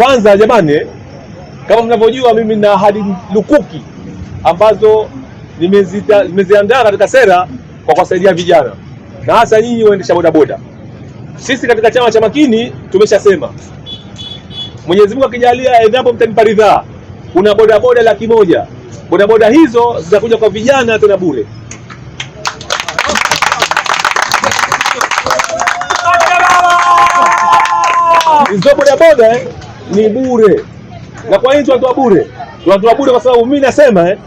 Kwanza jamani, kama mnavyojua mimi na ahadi lukuki ambazo nimeziandaa katika sera kwa kuwasaidia vijana na hasa nyinyi waendesha bodaboda. Sisi katika chama cha Makini tumeshasema Mwenyezi Mungu akijalia, endapo mtanipa ridhaa, kuna bodaboda laki moja. Bodaboda hizo zitakuja kwa vijana tena bure. Hizo bodaboda eh, ni bure. Na kwa nini tunatoa bure? Tunatoa bure kwa sababu mimi nasema eh,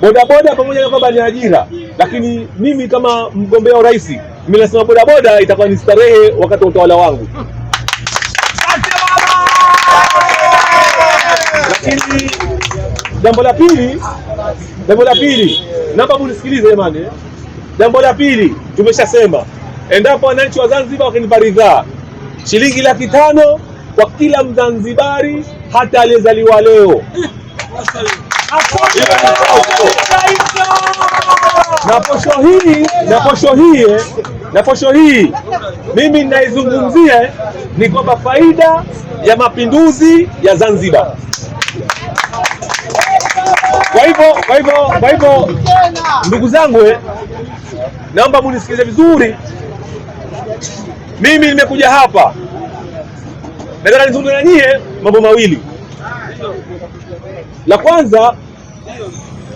bodaboda pamoja na kwamba ni ajira, lakini mimi kama mgombea urais mimi nasema bodaboda itakuwa ni starehe wakati wa utawala wangu lakini jambo la pili, jambo la pili, naomba munisikilize jamani. Eh. Jambo la pili tumeshasema, endapo wananchi wa Zanzibar wakinipa ridhaa shilingi laki tano kwa kila Mzanzibari, hata aliyezaliwa leo na posho hii na posho hii na posho hii mimi ninaizungumzia ni kwamba faida ya mapinduzi ya Zanzibar. Kwa hivyo kwa hivyo kwa hivyo, ndugu zangu, eh, naomba munisikilize vizuri. Mimi nimekuja hapa Nataka nizungumze na nyie mambo mawili. La kwanza,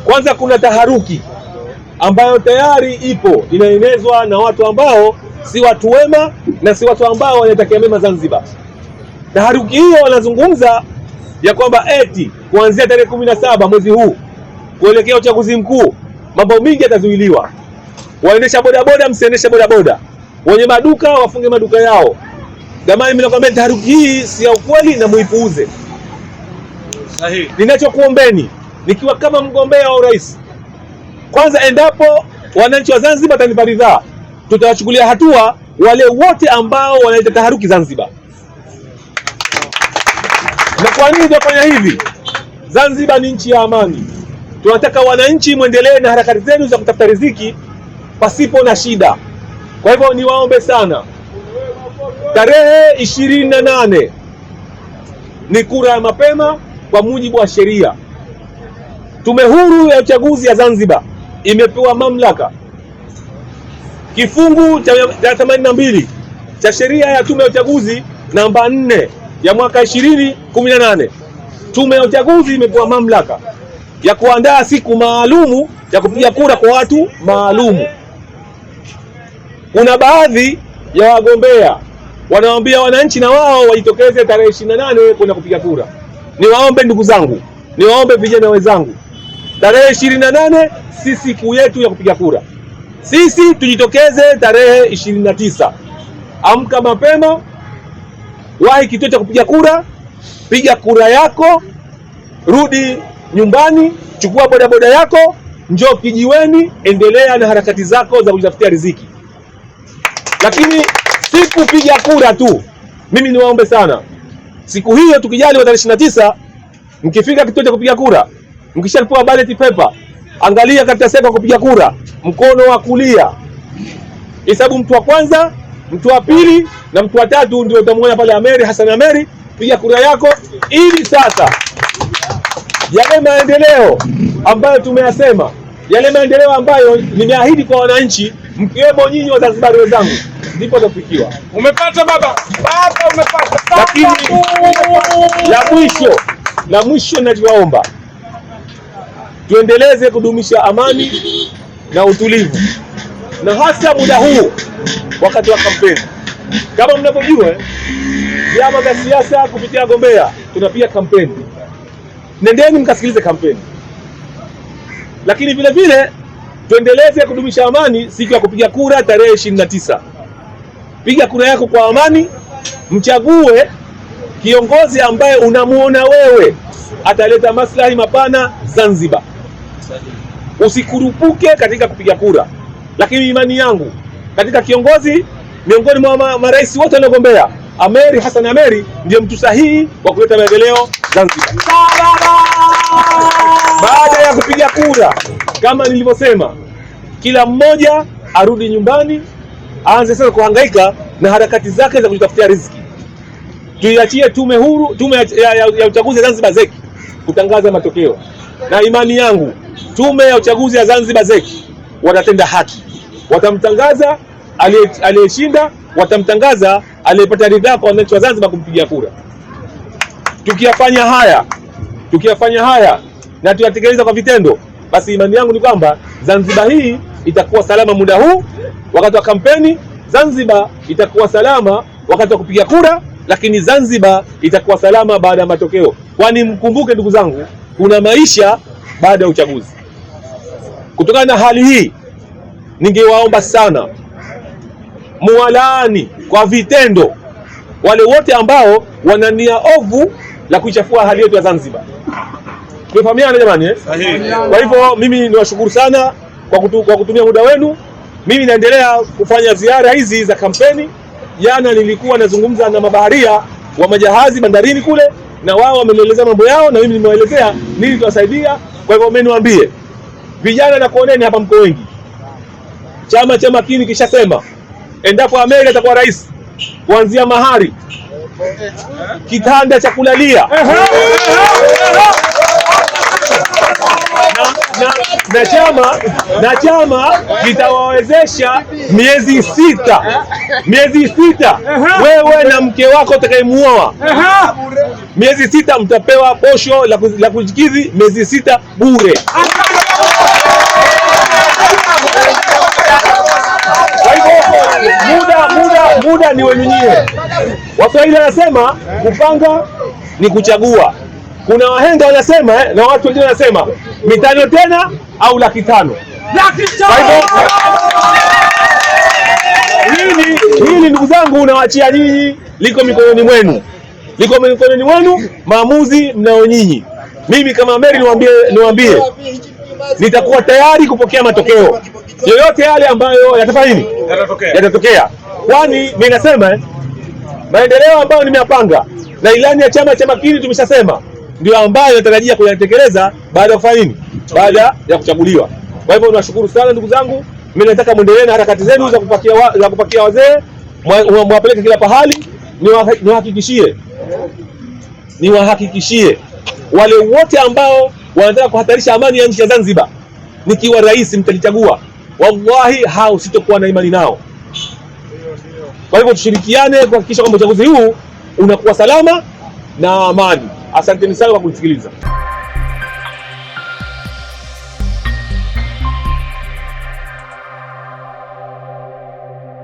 kwanza kuna taharuki ambayo tayari ipo inaenezwa na watu ambao si watu wema na si watu ambao wanatakia mema Zanzibar. Taharuki hiyo wanazungumza ya kwamba eti kuanzia tarehe kumi na saba mwezi huu kuelekea uchaguzi mkuu mambo mingi yatazuiliwa. Waendesha bodaboda msiendeshe bodaboda, wenye maduka wafunge maduka yao. Jamani, mimi nakwambia taharuki hii si ya ukweli na muipuuze. Sahihi. Ninachokuombeni nikiwa kama mgombea wa urais, kwanza, endapo wananchi wa Zanzibar watanipa ridhaa, tutawachukulia hatua wale wote ambao wanaleta taharuki Zanzibar. Na kwa nini tunafanya hivi? Zanzibar ni nchi ya amani. Tunataka wananchi mwendelee na harakati zenu za kutafuta riziki pasipo na shida. Kwa hivyo niwaombe sana Tarehe ishirini na nane ni kura ya mapema kwa mujibu wa sheria. Tume Huru ya Uchaguzi ya Zanzibar imepewa mamlaka kifungu cha themanini na mbili cha sheria ya tume ya uchaguzi namba nne ya mwaka ishirini kumi na nane. Tume ya uchaguzi imepewa mamlaka ya kuandaa siku maalumu ya kupiga kura kwa watu maalumu. Kuna baadhi ya wagombea wanawaambia wananchi na wao wajitokeze tarehe ishirini na nane kwenda kupiga kura. Niwaombe ndugu zangu, niwaombe vijana wenzangu, tarehe ishirini na nane si siku yetu ya kupiga kura. Sisi tujitokeze tarehe ishirini na tisa. Amka mapema, wahi kituo cha kupiga kura, piga kura yako, rudi nyumbani, chukua bodaboda yako, njoo kijiweni, endelea na harakati zako za kujitafutia riziki, lakini piga kura tu. Mimi niwaombe sana, siku hiyo tukijali tarehe 29 mkifika kituo cha kupiga kura, mkishalipewa ballot paper, angalia katika sehemu ya kupiga kura, mkono wa kulia hesabu mtu wa kwanza, mtu wa pili na mtu wa tatu, ndio utamwona pale Ameri Hassan Ameri. Piga kura yako ili sasa yale maendeleo ambayo tumeyasema, yale maendeleo ambayo nimeahidi kwa wananchi mkiwemo nyinyi Wazanzibari wenzangu, ndipo tafikiwa. Umepata baba, baba umepata. Lakini la mwisho, la mwisho ninaliwaomba tuendeleze kudumisha amani na utulivu, na hasa muda huu wakati wa kampeni. Kama mnavyojua, vyama vya siasa kupitia wagombea tunapiga kampeni. Nendeni mkasikilize kampeni, lakini vile vile tuendeleze kudumisha amani siku ya kupiga kura tarehe ishirini na tisa. Piga kura yako kwa amani, mchague kiongozi ambaye unamuona wewe ataleta maslahi mapana Zanzibar. Usikurupuke katika kupiga kura, lakini imani yangu katika kiongozi miongoni mwa marais wote waliogombea Ameri Hassan Ameri ndiye mtu sahihi wa kuleta maendeleo Zanzibar. Baada ya kupiga kura, kama nilivyosema, kila mmoja arudi nyumbani, aanze sasa kuhangaika na harakati zake za kujitafutia riziki. Tuiachie tume huru, tume ya, ya, ya uchaguzi ya Zanzibar ZEC kutangaza matokeo, na imani yangu tume ya uchaguzi ya Zanzibar ZEC watatenda haki, watamtangaza aliyeshinda, watamtangaza aliyepata ridhaa kwa wananchi wa Zanzibar kumpigia kura. Tukiyafanya haya Tukiyafanya haya na tuyatekeleza kwa vitendo, basi imani yangu ni kwamba Zanzibar hii itakuwa salama muda huu wakati wa kampeni, Zanzibar itakuwa salama wakati wa kupiga kura, lakini Zanzibar itakuwa salama baada ya matokeo. Kwani mkumbuke ndugu zangu, kuna maisha baada ya uchaguzi. Kutokana na hali hii, ningewaomba sana muwalaani kwa vitendo wale wote ambao wana nia ovu la kuichafua hali yetu ya Zanzibar. Tumefahamiana jamani eh? Sahihi. Kwa hivyo mimi niwashukuru sana kwa, kutu, kwa kutumia muda wenu. Mimi naendelea kufanya ziara hizi za kampeni. Jana nilikuwa nazungumza na mabaharia wa majahazi bandarini kule, na wao wamenielezea mambo yao na mimi nimewaelezea nini tuwasaidia. Kwa hivyo meniwambie vijana, na kuoneni hapa, mko wengi. Chama cha Makini kishasema endapo Ameir atakuwa rais, kuanzia mahari, kitanda cha kulalia na chama na chama kitawawezesha miezi sita, miezi sita, wewe na mke wako utakayemuoa, miezi sita mtapewa posho la kujikidhi, miezi sita bure. Muda, muda, muda ni wenu nyiwe. Waswahili wanasema kupanga ni kuchagua. Kuna wahenga wanasema eh, na watu wengine wanasema mitano tena au laki tano. Hili hili ndugu zangu, nawaachia nyinyi, liko mikononi mwenu, liko mikononi mwenu, maamuzi mnao nyinyi. Mimi kama Mary niwaambie, niwaambie nitakuwa tayari kupokea matokeo yoyote yale ambayo yatafanya nini, yatatokea, kwani mimi nasema eh, maendeleo ambayo nimeyapanga na ilani ya Chama cha makini tumeshasema ndio ambayo natarajia kuyatekeleza baada ya kufanya nini baada ya kuchaguliwa. Kwa hivyo niwashukuru sana ndugu zangu, mimi nataka muendelee na harakati zenu za kupakia wa, za kupakia wazee mwapeleke kila pahali. Niwahakikishie, niwahakikishie wale wote ambao wanataka kuhatarisha amani ya nchi ya Zanzibar, nikiwa rais mtanichagua, wallahi hao sitokuwa na imani nao. Kwa hivyo tushirikiane kuhakikisha kwamba uchaguzi huu unakuwa salama na amani. Asanteni sana kwa kunisikiliza.